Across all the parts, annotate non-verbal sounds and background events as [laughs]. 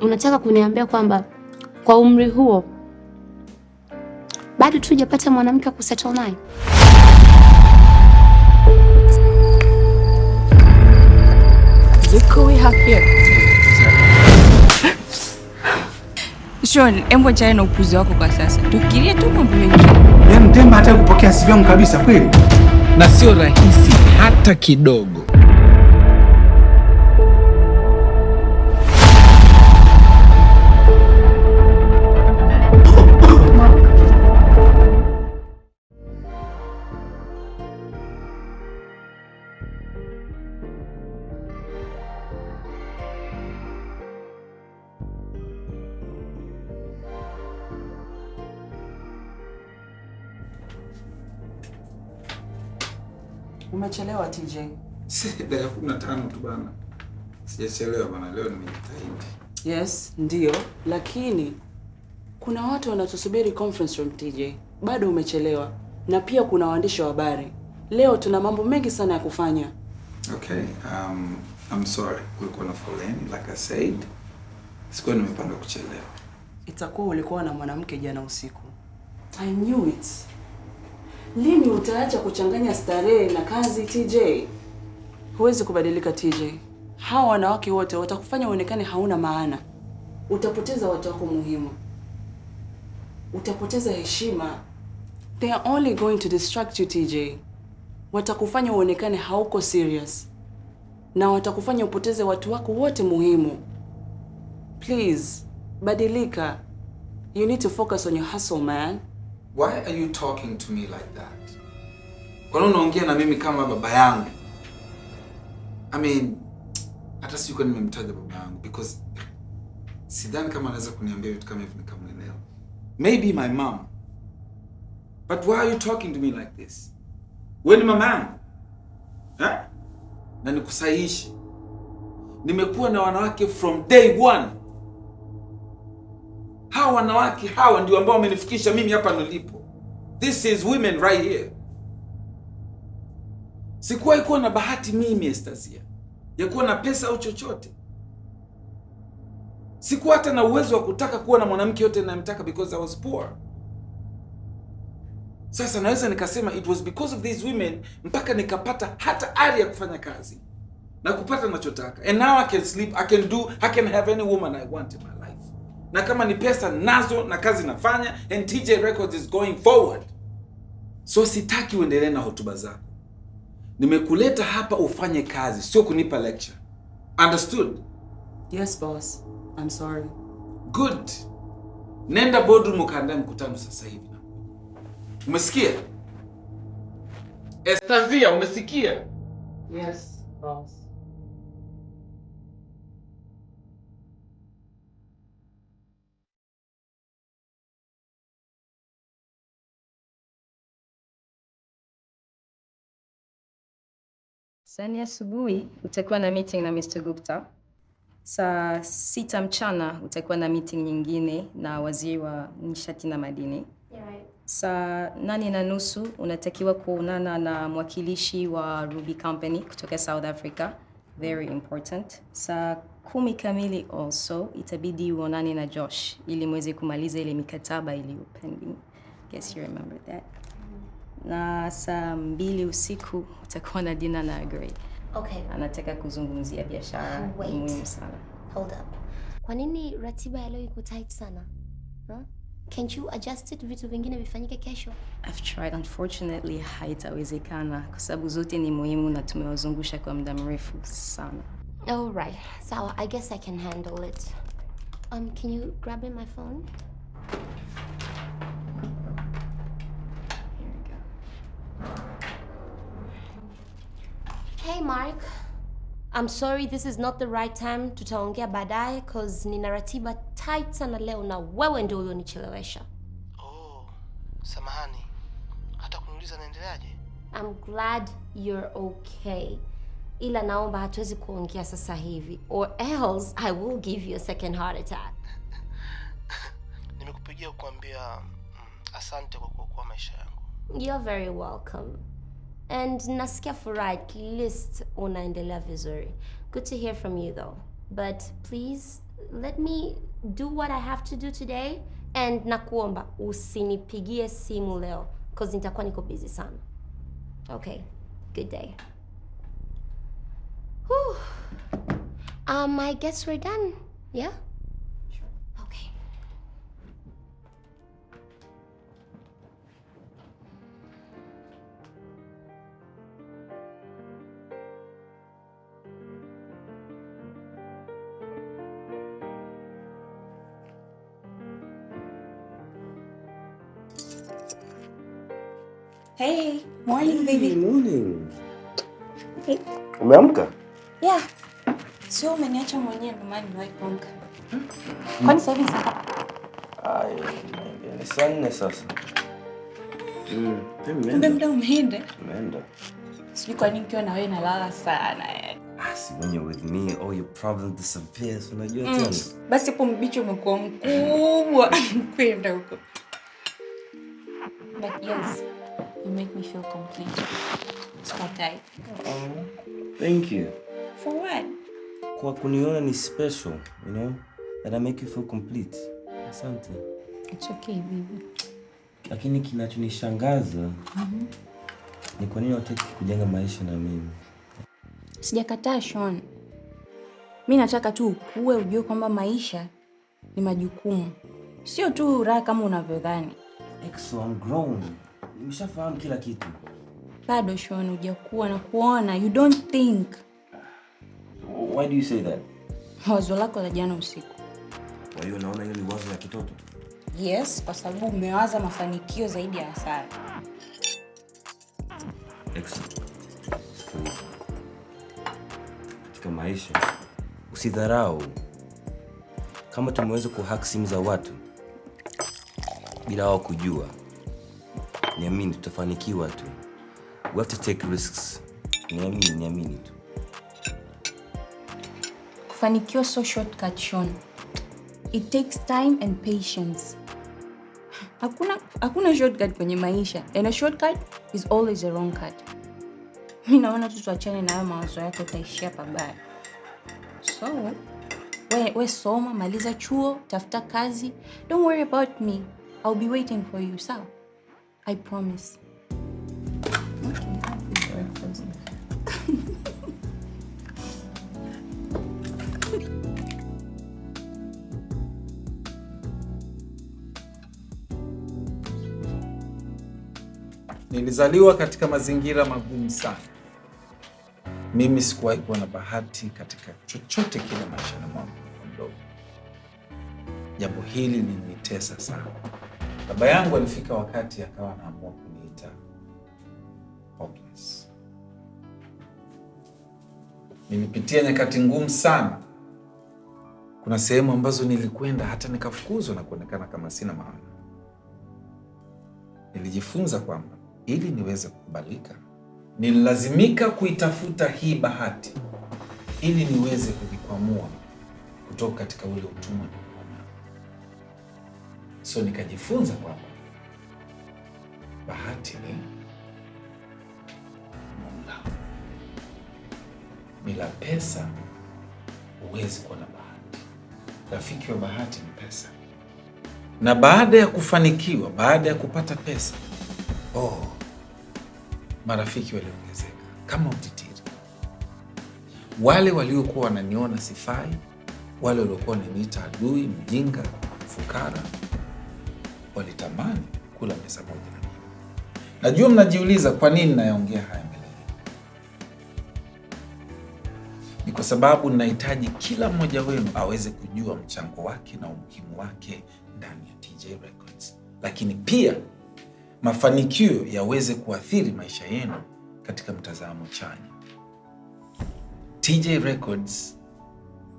unataka kuniambia kwamba kwa umri huo bado tu hujapata mwanamke wa kusettle naye? Sean, embo achana na upuzi wako kwa sasa, tufikirie tu mambo mengine. Yaani hata kupokea simu kabisa kweli, na sio rahisi hata kidogo. umechelewa TJ. Si Dakika 15 tu bana. Sijachelewa bana, leo nimejitahidi. Yes, ndio, lakini kuna watu wanatusubiri conference room TJ. Bado umechelewa na pia kuna waandishi wa habari. Leo tuna mambo mengi sana ya kufanya. Okay, um, I'm sorry. Kulikuwa na foleni like I said. Sikuwa nimepanga kuchelewa. Itakuwa ulikuwa na mwanamke jana usiku. I knew it. Lini utaacha kuchanganya starehe na kazi TJ? Huwezi kubadilika TJ. Hawa wanawake wote watakufanya uonekane hauna maana. Utapoteza watu wako muhimu, utapoteza heshima. They are only going to distract you TJ. Watakufanya uonekane hauko serious na watakufanya upoteze watu wako wote muhimu. Please, badilika. You need to focus on your hustle, man. Why are you talking to me like that? Kwa nini unaongea na mimi kama baba yangu? I mean, hata sikuwa nimemtaja baba yangu because sidhani kama anaweza kuniambia vitu kama hivi nikamwelewa. Maybe my mom. But why are you talking to me like this? Wewe ni mama yangu. Eh? Na nikusahihishe. Nimekuwa na wanawake from day one hawa wanawake hawa ndio ambao wamenifikisha mimi hapa nilipo. This is women right here. Sikuwahi kuwa na bahati mimi Estasia ya kuwa na pesa au chochote. Sikuwa hata na uwezo wa kutaka kuwa na mwanamke yote ninayemtaka because I was poor. Sasa naweza nikasema it was because of these women mpaka nikapata hata ari ya kufanya kazi na kupata nachotaka, and now I can sleep, I can do, I can have any woman I want in my life na kama ni pesa nazo, na kazi nafanya, and TJ Records is going forward. So sitaki uendelee na hotuba zako. Nimekuleta hapa ufanye kazi, sio kunipa lecture. Understood? Yes boss, I'm sorry. Good. Nenda boardroom ukaandae mkutano sasa hivi. Umesikia? Estavia, umesikia? Yes boss. Yaani asubuhi utakuwa na meeting na Mr. Gupta, saa sita mchana utakuwa na meeting nyingine na waziri wa nishati na madini, saa nane na nusu unatakiwa kuonana na mwakilishi wa Ruby Company kutoka South Africa, very important. Saa kumi kamili also itabidi uonane na Josh ili mweze kumaliza ile mikataba iliyo pending. Guess you remember that na saa mbili usiku utakuwa na dina na Agrey. Okay. Anataka kuzungumzia biashara muhimu sana. Hold up. Kwa nini ratiba ya leo iko tight sana? Huh? Can't you adjust it vitu vingine vifanyike kesho? I've tried. Unfortunately, haitawezekana kwa sababu zote ni muhimu na tumewazungusha kwa muda mrefu sana. All right. So I guess I can handle it. Um, can you grab me my phone? Hey, Mark. I'm sorry this is not the right time, tutaongea baadaye cause nina ratiba tight sana leo na wewe ndio ulionichelewesha. Oh, samahani. Hata kuniuliza naendeleaje? I'm glad you're okay. Ila naomba hatuwezi kuongea sasa hivi or else I will give you a second heart attack. [laughs] Nimekupigia kukuambia mm, asante kwa kuokoa maisha yangu. You're very welcome and nasikia furaha, at least unaendelea vizuri. Good to hear from you though, but please let me do what I have to do today and nakuomba usinipigie simu leo cause nitakuwa niko busy sana. Okay, good day. Whew. Um, I guess we're done. Yeah? morning, baby. Morning. Umeamka? Yeah. Sio umeniacha mwenyewe ndio maana niwahi kuamka. Hmm. Kwani sasa hivi ni saa ni saa nne sasa. Hmm. Kumbe muda umeenda. Umeenda. Sijui kwa nini ukiwa na wewe nalala sana yani. Eh. Ah, Basi when you're with me all your problems disappear, unajua mm. tena. Basi hapo mbichi umekuwa mkubwa [laughs] kwenda huko. But yes. You make me feel complete. Stop tight. Oh, thank you. For what? Kwa kuniona ni special, you know? That I make you feel complete. Asante. It's okay, baby. Lakini kinachonishangaza mm-hmm. ni kwa nini unataka kujenga maisha na mimi? Sijakataa Sean. Mi nataka tu ukue, ujue kwamba maisha ni majukumu, sio tu raha kama unavyodhani. Exo, I'm grown. Nimeshafahamu kila kitu. Bado Sean, hujakuwa na kuona. You don't think. Why do you say that? Wazo lako la jana usiku. Kwa hiyo naona hiyo ni wazo la kitoto. Yes, kwa sababu umewaza mafanikio zaidi ya hasara. Katika maisha usidharau. Kama tumeweza kuhack simu za watu bila wao kujua niamini, tutafanikiwa tu. We have to take risks. Niamini, niamini tu. Kufanikiwa so shortcut, Sean. It takes time and patience. Hakuna hakuna shortcut kwenye maisha. And a shortcut is always a wrong cut. Mi naona tu tuachane na hayo mawazo yako, utaishia pabaya. So, we, we soma, maliza chuo, tafuta kazi. Don't worry about me. I'll be waiting for you, sawa? I promise. Nilizaliwa katika mazingira magumu sana. Mimi sikuwahi kuwa na bahati katika chochote kile maishani mwangu mdogo. Jambo hili lilinitesa sana. Baba yangu alifika wakati akawa anaamua kuniita hopeless. Nilipitia nyakati ngumu sana. Kuna sehemu ambazo nilikwenda hata nikafukuzwa na kuonekana kama sina maana. Nilijifunza kwamba ili niweze kukubalika, nililazimika kuitafuta hii bahati ili niweze kujikwamua kutoka katika ule utumwa So nikajifunza kwamba bahati ni Mola. Bila pesa huwezi kuwa na bahati. Rafiki wa bahati ni pesa. Na baada ya kufanikiwa, baada ya kupata pesa, oh, marafiki waliongezeka kama utitiri. Wale waliokuwa wananiona sifai, wale waliokuwa wananiita adui, mjinga, fukara walitamani kula meza moja na mimi. Najua mnajiuliza kwa nini nayaongea haya mbele ni kwa sababu ninahitaji kila mmoja wenu aweze kujua mchango wake na umuhimu wake ndani ya TJ Records, lakini pia mafanikio yaweze kuathiri maisha yenu katika mtazamo chanya. TJ Records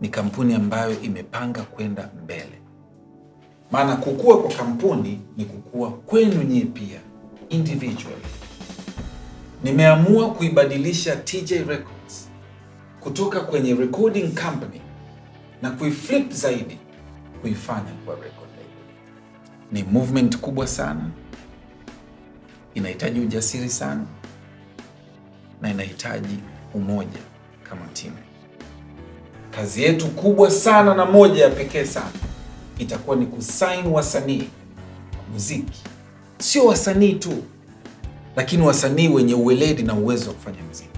ni kampuni ambayo imepanga kwenda mbele maana kukua kwa kampuni ni kukua kwenu nyie pia individual. Nimeamua kuibadilisha TJ Records kutoka kwenye recording company na kuiflip zaidi kuifanya kwa record label. Ni movement kubwa sana, inahitaji ujasiri sana, na inahitaji umoja kama timu. Kazi yetu kubwa sana na moja ya pekee sana itakuwa ni kusaini wasanii muziki, sio wasanii tu, lakini wasanii wenye uweledi na uwezo wa kufanya muziki,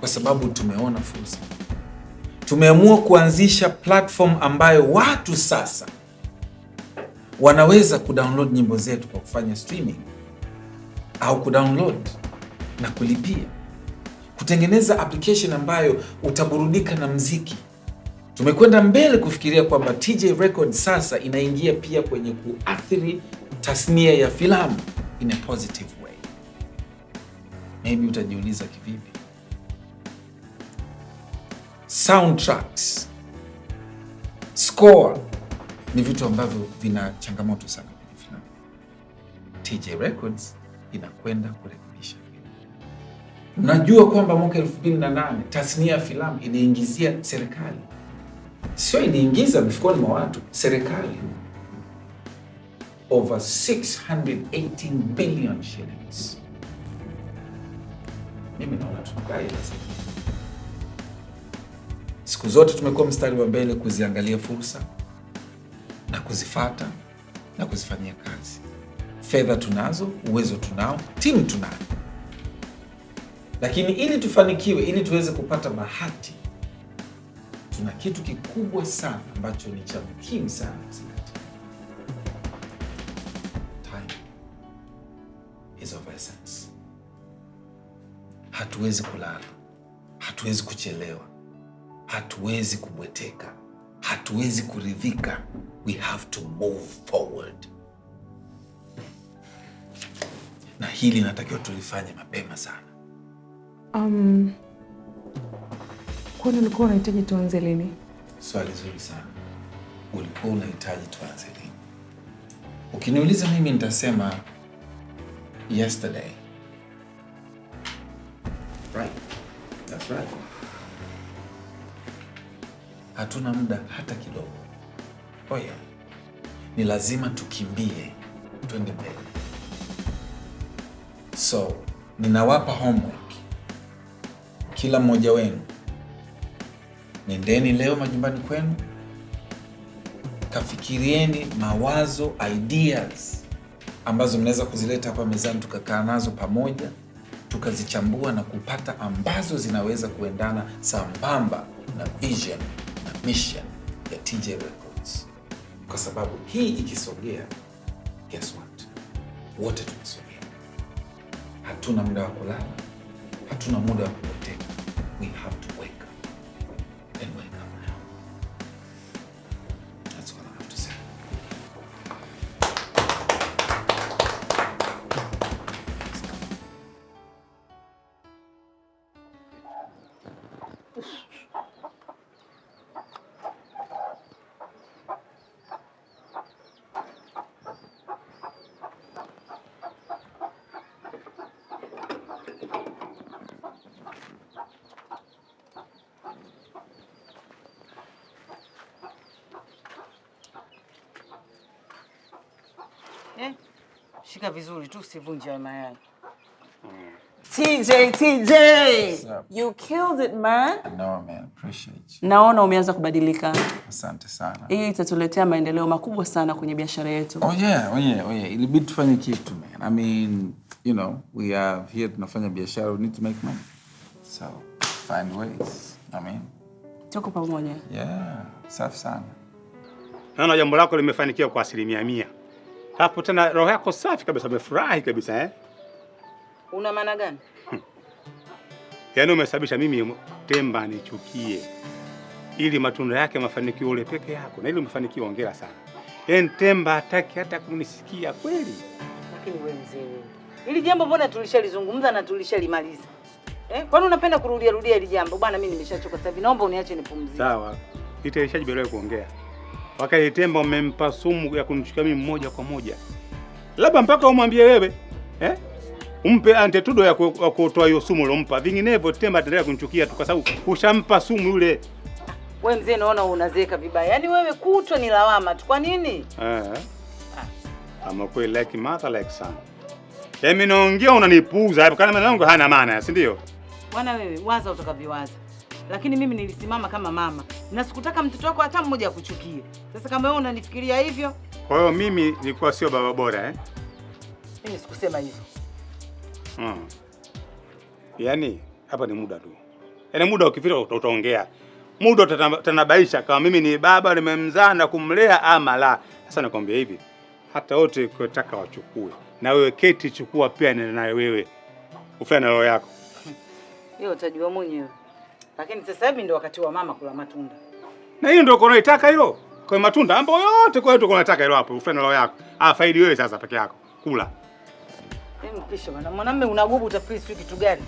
kwa sababu tumeona fursa. Tumeamua kuanzisha platform ambayo watu sasa wanaweza kudownload nyimbo zetu kwa kufanya streaming au kudownload na kulipia, kutengeneza application ambayo utaburudika na mziki Tumekwenda mbele kufikiria kwamba TJ Records sasa inaingia pia kwenye kuathiri tasnia ya filamu in a positive way. Maybe utajiuliza kivipi? Soundtracks, score ni vitu ambavyo vina changamoto sana kwenye filamu. TJ Records inakwenda kurekebisha. Unajua kwamba mwaka 2008 tasnia ya filamu iliingizia serikali sio iliingiza mifukoni mwa watu, serikali over 618 billion shillings. Mimi naona tunakaa siku zote tumekuwa mstari wa mbele kuziangalia fursa na kuzifata na kuzifanyia kazi. Fedha tunazo, uwezo tunao, timu tunayo, lakini ili tufanikiwe, ili tuweze kupata bahati tuna kitu kikubwa sana ambacho ni cha muhimu sana kuzingatia. Hatuwezi kulala, hatuwezi kuchelewa, hatuwezi kubweteka, hatuwezi kuridhika. We have to move forward, na hili natakiwa tulifanye mapema sana um... Kwani ulikuwa unahitaji tuanze lini? Swali zuri sana. Ulikuwa unahitaji tuanze lini? Ukiniuliza mimi nitasema yesterday. Right. That's right. Hatuna muda hata kidogo. Oh yeah. Ni lazima tukimbie twende mbele. So, ninawapa homework kila mmoja wenu Nendeni leo majumbani kwenu, kafikirieni mawazo ideas ambazo mnaweza kuzileta hapa mezani, tukakaa nazo pamoja, tukazichambua na kupata ambazo zinaweza kuendana sambamba na vision na mission ya TJ Records, kwa sababu hii ikisogea, guess what, wote tunasogea. Hatuna muda wa kulala, hatuna muda wa kupoteza. Shika vizuri tu usivunje mayai. TJ, TJ. You killed it, man. No, man. Appreciate you. Naona umeanza kubadilika. Asante sana. Hii itatuletea maendeleo makubwa sana kwenye biashara yetu. Oh yeah, oh yeah, oh yeah. Ilibidi tufanye kitu, man. I mean, you know, we are here tunafanya biashara, we need to make money. So, find ways. I mean, tuko pamoja. Yeah. Safi sana. Naona jambo lako limefanikiwa kwa asilimia mia. Hapo tena roho yako safi kabisa, umefurahi kabisa eh? Una maana gani? Hmm. Yaani umesababisha mimi Temba nichukie ili matunda yake mafanikio ule peke yako, na ili umefanikiwa, hongera sana. Yaani Temba hataki hata kunisikia kweli. Lakini wewe mzee ili jambo mbona tulishalizungumza na tulishalimaliza eh? Kwani unapenda kurudia rudia hili jambo bwana? Mimi nimeshachoka sasa hivi, naomba uniache nipumzike. Sawa, nitaishaji bila kuongea wakati Temba mmempa sumu ya kunichukia mimi moja kwa moja, labda mpaka umwambie wewe eh? Umpe antetudo ya kutoa hiyo sumu ulompa, vinginevyo Temba ataendelea kunichukia tu, kwa sababu ushampa sumu yule. We mzee, naona unazeeka vibaya, yaani wewe kutwa ni lawama tu. Kwa nini? Eh, ama kweli like mother like son. Yaani mimi naongea unanipuuza hapo, kana maneno yangu hana maana, si ndio? Bwana wewe, waza utakavyowaza lakini mimi nilisimama kama mama na sikutaka mtoto wako hata mmoja akuchukie. Sasa kama wewe unanifikiria hivyo, kwa hiyo mimi nilikuwa sio baba bora eh? Mimi sikusema hivyo hmm. Yaani hapa ni muda tu, yaani muda ukifika utaongea, muda utanabaisha kama mimi ni baba nimemzaa na kumlea ama la. Sasa nakwambia hivi, hata wote ukitaka wachukue, na wewe keti, chukua pia naye wewe ufanye na roho yako hiyo, [laughs] utajua mwenyewe. Lakini sasa hivi ndio wakati wa mama kula matunda. Na hiyo ndio uko unaitaka hilo? Kwa matunda ambayo yote kwa hiyo uko unataka hilo hapo, ufanye roho yako. Ah, faidi wewe sasa peke yako. Kula. Hebu pisha bwana. Mwanamume unagubu utafikiri kitu gani?